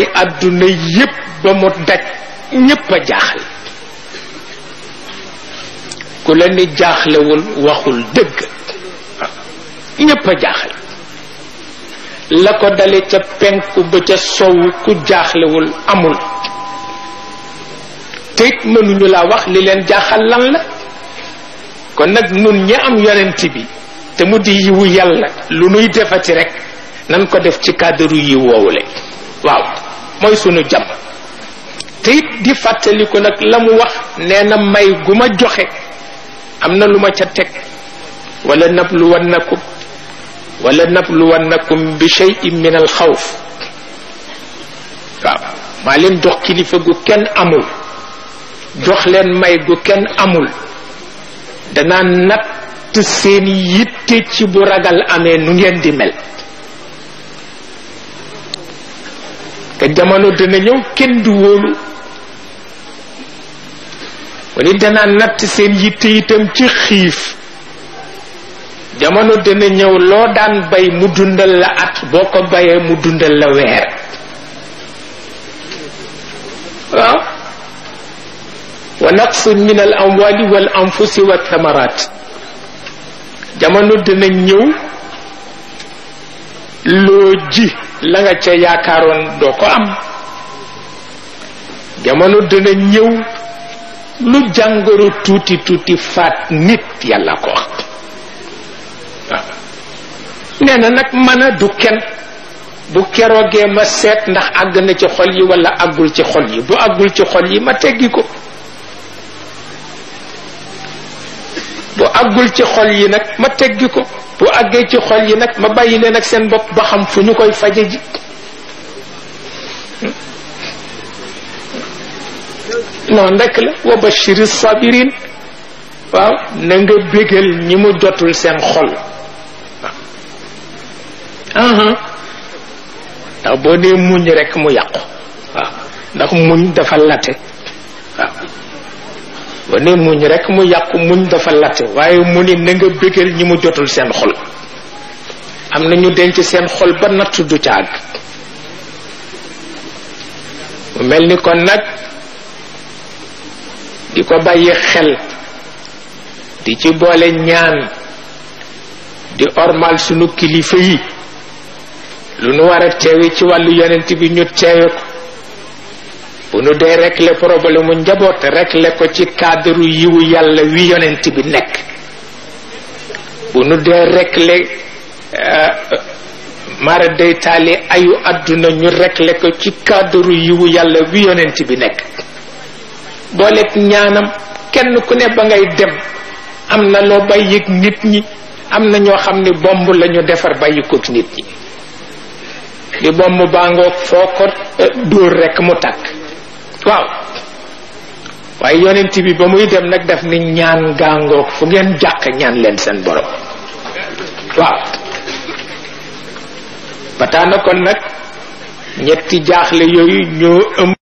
ci àdduna yépp ba mu daj ñépp a jaaxle ku la ni jaaxlewul waxul dëgg ñépp a jaaxle la ko dale ca penku ba ca sowu ku jaaxlewul amul te it mënuñu laa wax li leen jaaxal lan la kon nag nun ñi am yonent bi te mu di yiwu yàlla lu nuy defati rekk nan ko def ci cadre yi woowule waaw mooy sunu jàmm te di fàttaliku nag la mu wax nee na may gu ma joxe am na lu ma ca teg wala nabluwannakum wala nabluwannakum bi shay'in min al xawf waaw maa leen jox kilifa gu kenn amul jox leen may gu kenn amul danaa natt seen yitte ci bu ragal amee nu ngeen di mel jamono dana ñëw kenn du wóolu mu ni natt seen yitte itam ci xiif jamono dana ñëw loo daan bay mu dundal la at boo ko bayee mu dundal la weer waaw wa naqsun min al amwali wal anfusi wa thamarat jamono dana ñëw loo ji la nga ca yaakaaroon doo ko am jamono dina ñëw lu jàngoro tuuti tuuti faat nit yàlla ko wax nee na nag mën a du kenn bu keroogee ma seet ndax àgg na ci xol yi walla àggul ci xol yi bu àggul ci xol yi ma teggi ko àggul ci xol yi nag ma teggi ko bu àggee ci xol yi nag ma bàyyi leen ak seen bopp ba xam fu ñu koy faje ji noonu rekk la wa bashiri sabirin waaw na nga bégal ñi mu jotul seen xol waaw ndax boo dee muñ rekk mu yàqu waaw ndax muñ dafa late waaw wane muñ rekk mu yàqu muñ dafa latt waaye mu ni na nga ñi mu jotul seen xol am na ñu denc seen xol ba natt du caag mu mel ni kon nag di ko bàyyi xel di ci boole ñaan di ormal sunu kilifa yi lu nu war a ci wàllu yonent bi ñu teewe ko bu nu dee régler problème mu njaboot régler ko ci cadre yiwu yàlla wi yonent bi bu nu dee régler euh, mara day àdduna ñu régler ko ci cadre yiwu yàlla wi yonent bi nekk booleeg ñaanam kenn ku ne ba ngay dem am na loo bàyyi nit ñi am na ñoo xam ni bomb lañu defar bàyyi ko ak nit ñi di bomb baa ngoog foo ko euh, dóor rekk mu takk waaw waaye yonent bi ba muy dem nag daf ne ñaan gàngoog fu ngeen jàq ñaan leen seen borom waaw ba tax kon nag ñetti jaaxle yooyu ñoo ëmb